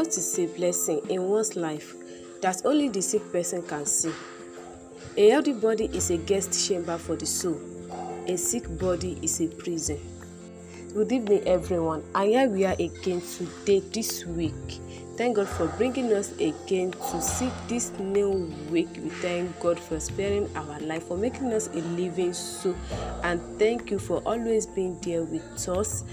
Health is a blessing in one's life that only the sick person can see. A healthy body is a guest chamber for the soul. A sick body is a prison. Good evening, everyone. And here we are again today, this week. Thank God for bringing us again to see this new week. We thank God for sparing our life, for making us a living soul. And thank you for always being there with us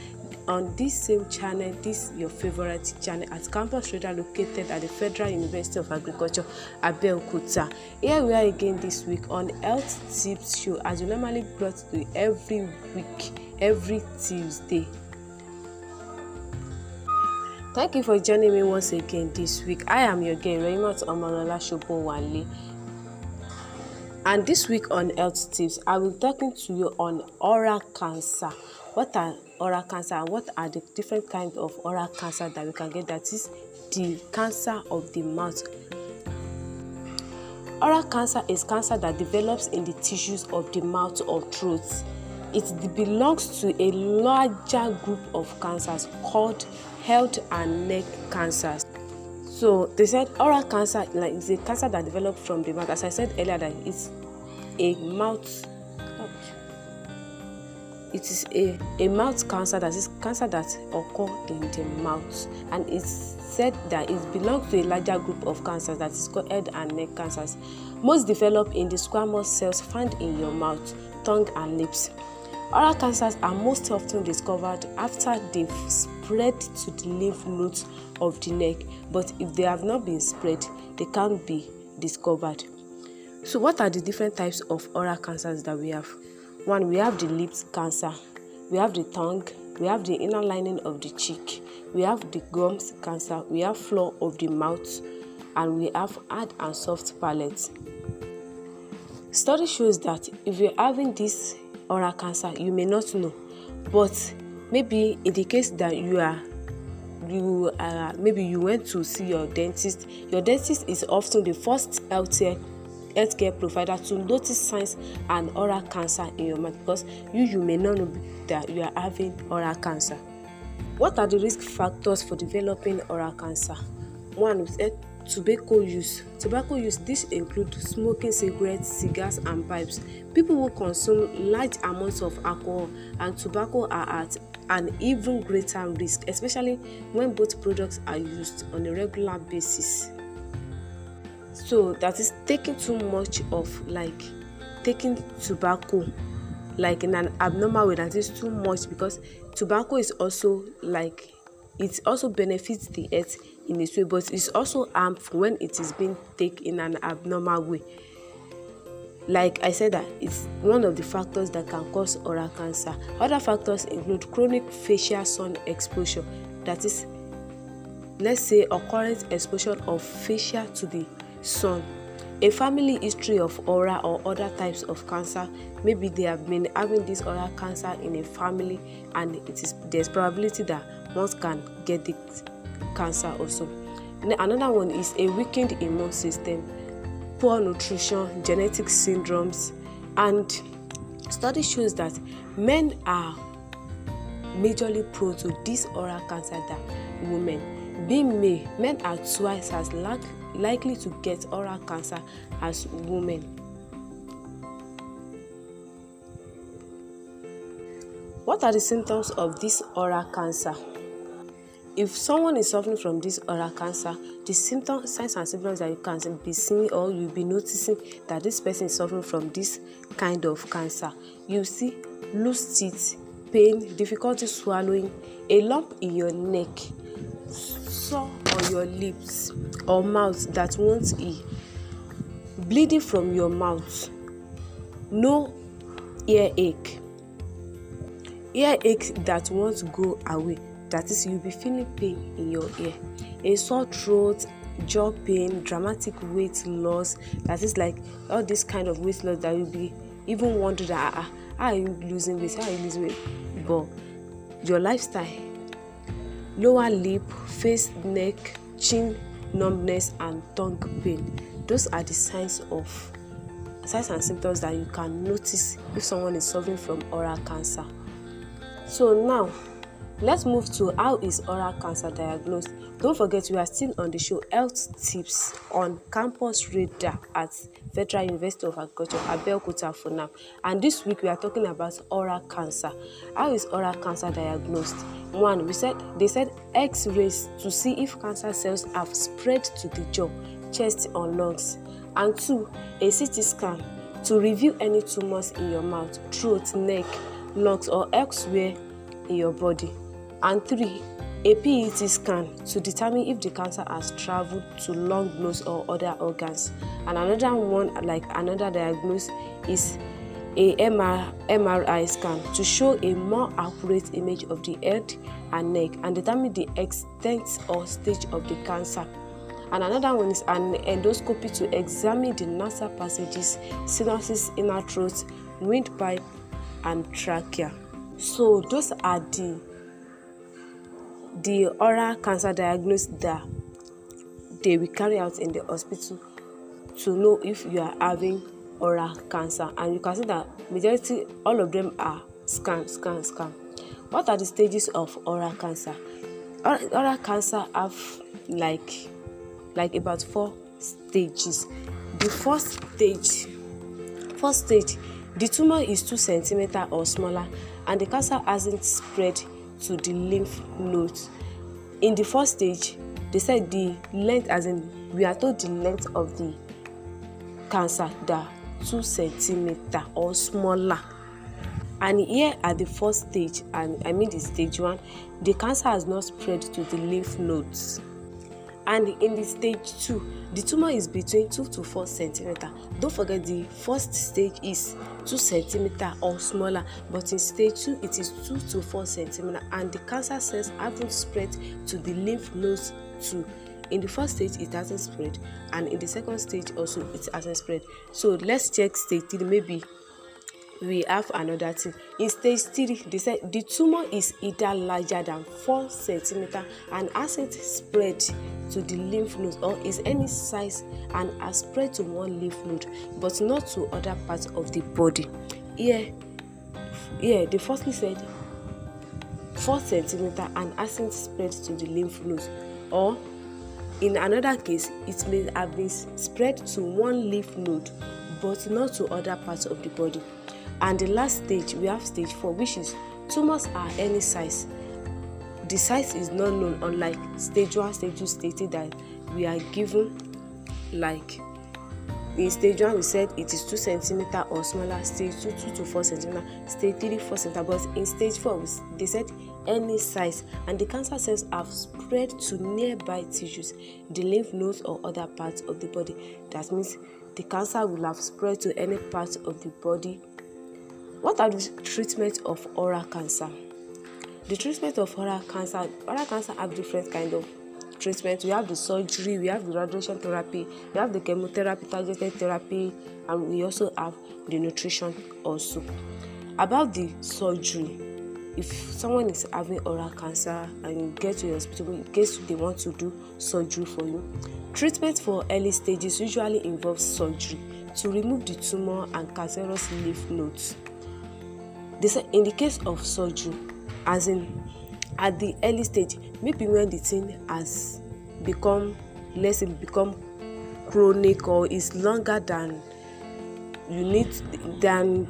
on this same channel, this your favorite channel at Campus Radar located at the Federal University of Agriculture, Abeokuta. Here we are again this week on Health Tips Show as we normally brought to you every week, every Tuesday. Thank you for joining me once again this week. I am your girl Raymond Omolola Shobowale. And this week on Health Tips, I will be talking to you on oral cancer. what are oral cancer what are the different kinds of oral cancer that we can get that is the cancer of the mouth oral cancer is cancer that develops in the tissues of the mouth or throat it belongs to a larger group of cancers called head and neck cancers so they said oral cancer like is a cancer that develops from the mouth as i said earlier that it's a mouth it is a, a mouth cancer that is cancer that occur in the mouth and it's said that it belongs to a larger group of cancers that is called head and neck cancers most develop in the squamous cells found in your mouth tongue and lips oral cancers are most often discovered after they've spread to the lymph nodes of the neck but if they have not been spread they can't be discovered so what are the different types of oral cancers that we have one we have the lips cancer we have the tongue we have the inner lining of the cheek we have the gums cancer we have floor of the mouth and we have hard and soft palate study shows that if you're having this oral cancer you may not know but maybe in the case that you are you are maybe you went to see your dentist your dentist is often the first healthcare healthcare provider to notice signs and oral cancer in your mouth because you you may not know that you are having oral cancer. What are the risk factors for developing oral cancer? One is eh, tobacco use. Tobacco use this include smoking cigarettes, cigars and pipes. People who consume large amounts of alcohol and tobacco are at an even greater risk especially when both products are used on a regular basis. so that is taking too much of like taking tobacco like in an abnormal way that is too much because tobacco is also like it also benefits the earth in a way but it's also harmful when it is being taken in an abnormal way like i said that it's one of the factors that can cause oral cancer other factors include chronic facial sun exposure that is let's say occurrence exposure of facial to the Son, a family history of oral or other types of cancer maybe they have been having this oral cancer in a family and it is there's probability that one can get the cancer also another one is a weakened immune system poor nutrition genetic syndromes and study shows that men are majorly prone to this oral cancer than women being male men are twice as likely likely to get oral cancer as women. What are the symptoms of this oral cancer? If someone is suffering from this oral cancer, the symptoms, signs and symptoms that you can be seeing or you'll be noticing that this person is suffering from this kind of cancer. You see loose teeth, pain, difficulty swallowing, a lump in your neck, sore on your lips or mouth that won't heal, bleeding from your mouth, no earache, earache that won't go away, that is you be feeling pain in your ear, a sore throat jaw pain dramatic weight loss that is like all this kind of weight loss that you be even wonder that ah ah how are you losing weight how are you losing weight but your lifestyle lower lip face neck chin numbness and tongue pain those are the signs of signs and symptoms that you can notice if someone is suffering from oral cancer so now Let's move to how is oral cancer diagnosed. Don't forget we are still on the show Health Tips on Campus Radar at Federal University of Agriculture Abeokuta for now. And this week we are talking about oral cancer. How is oral cancer diagnosed? One, we said they said X-rays to see if cancer cells have spread to the jaw, chest or lungs. And two, a CT scan to review any tumors in your mouth, throat, neck, lungs or elsewhere in your body. And 3. A PET scan to determine if the cancer has traveled to lung, nose or other organs. And another one, like another diagnosis, is a MR, MRI scan to show a more accurate image of the head and neck and determine the extent or stage of the cancer. And another one is an endoscopy to examine the nasal passages, sinuses, inner throat, windpipe, and trachea. So those are the the oral cancer diagnosis that they will carry out in the hospital to know if you are having oral cancer and you can see that majority all of them are scan scan scan what are the stages of oral cancer oral, cancer have like like about four stages the first stage first stage the tumor is two centimeter or smaller and the cancer hasn't spread to the lymph nodes in the first stage they said the length as in we are told the length of the cancer that two centimeter or smaller and here at the first stage and i mean the stage one the cancer has not spread to the lymph nodes and in the stage two the tumor is between two to four centimeter don't forget the first stage is two centimeter or smaller but in stage two it is two to four centimeter and the cancer cells haven't spread to the lymph nodes too in the first stage it hasn't spread and in the second stage also it hasn't spread so let's check stage three maybe we have another thing in stage three they said the tumor is either larger than four centimeter and as it spread to the lymph node or is any size and has spread to one lymph node but not to other parts of the body here here they firstly said four centimeter and has it spread to the lymph node or in another case it may have been spread to one lymph node but not to other parts of the body and the last stage we have stage 4 which is tumors are any size the size is not known unlike stage 1 stage 2 stated that we are given like in stage 1 we said it is 2 centimeter or smaller stage 2 2 to 4 centimeter. stage 3 4 centimeter. but in stage 4 they said any size and the cancer cells have spread to nearby tissues the lymph nodes or other parts of the body that means the cancer will have spread to any part of the body What are the treatment of oral cancer? The treatment of oral cancer, oral cancer have different kind of treatment. We have the surgery, we have the radiation therapy, we have the chemotherapy, targeted therapy, and we also have the nutrition also. About the surgery, if someone is having oral cancer and you get to the hospital in case they want to do surgery for you, treatment for early stages usually involves surgery to remove the tumor and cancerous lymph nodes they say in the case of surgery as in at the early stage maybe when the thing has become less, it become chronic or is longer than you need than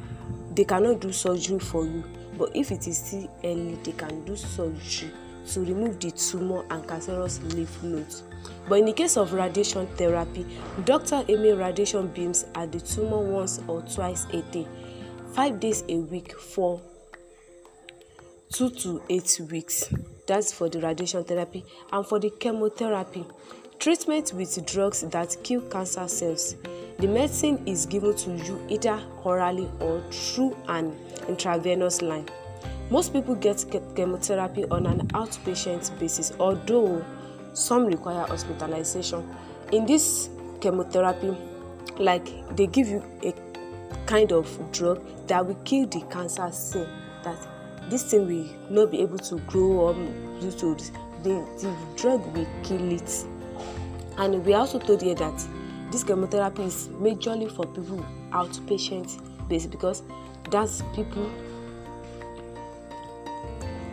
they cannot do surgery for you but if it is still early they can do surgery to remove the tumor and cancerous lymph nodes but in the case of radiation therapy doctor aiming radiation beams at the tumor once or twice a day five days a week for two to eight weeks that's for the radiation therapy and for the chemotherapy treatment with drugs that kill cancer cells the medicine is given to you either orally or through an intravenous line most people get chemotherapy on an outpatient basis although some require hospitalization in this chemotherapy like they give you a kind of drug that will kill the cancer cell that this thing will not be able to grow up due to the the drug will kill it and we also told you that this chemotherapy is majorly for people outpatient based because that's people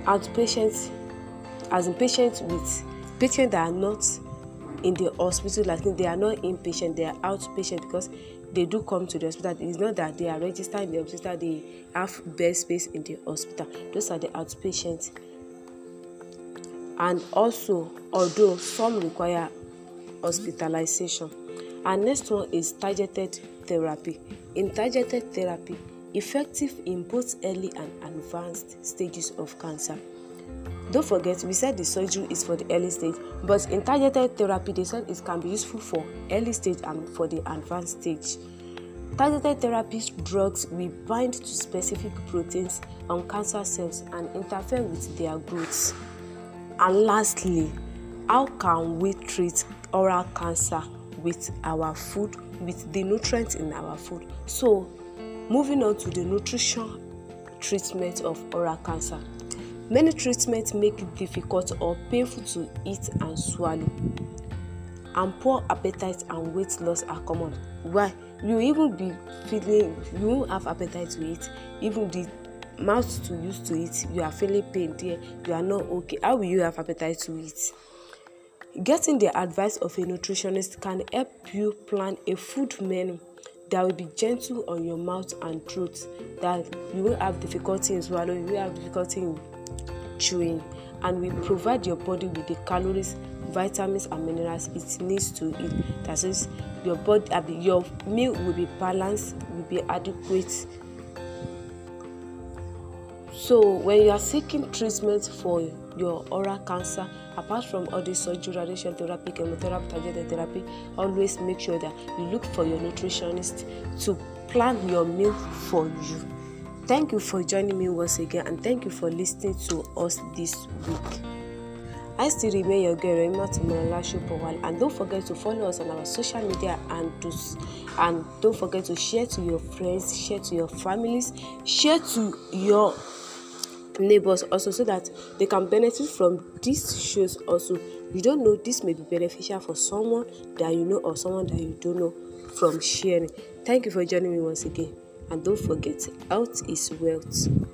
outpatient as in patients with patients that are not in the hospital like they are not inpatient they are outpatient because they do come to the hospital it's not that they are registered in the hospital they have bed space in the hospital those are the outpatients and also although some require hospitalization and next one is targeted therapy in targeted therapy effective in both early and advanced stages of cancer don't forget, we said the surgery is for the early stage, but in targeted therapy, they it can be useful for early stage and for the advanced stage. Targeted therapy drugs will bind to specific proteins on cancer cells and interfere with their growth. And lastly, how can we treat oral cancer with our food, with the nutrients in our food? So, moving on to the nutrition treatment of oral cancer. Many treatments make it difficult or painful to eat and swallow. And poor appetite and weight loss are common. Why? You even be feeling you won't have appetite to eat. Even the mouth to use to eat, you are feeling pain there. You are not okay. How will you have appetite to eat? Getting the advice of a nutritionist can help you plan a food menu that will be gentle on your mouth and throat that you won't have difficulty in swallowing, you won't have difficulty in chewing and we provide your body with the calories vitamins and minerals it needs to eat that is your body your meal will be balanced will be adequate so when you are seeking treatment for your oral cancer apart from all the surgery radiation therapy chemotherapy targeted therapy always make sure that you look for your nutritionist to plan your meal for you Thank you for joining me once again and thank you for listening to us this week. I still remain your girl Rema Tomorolashi Powell and don't forget to follow us on our social media and to, and don't forget to share to your friends, share to your families, share to your neighbors also so that they can benefit from these shows also. You don't know this may be beneficial for someone that you know or someone that you don't know from sharing. Thank you for joining me once again and don't forget, health is wealth.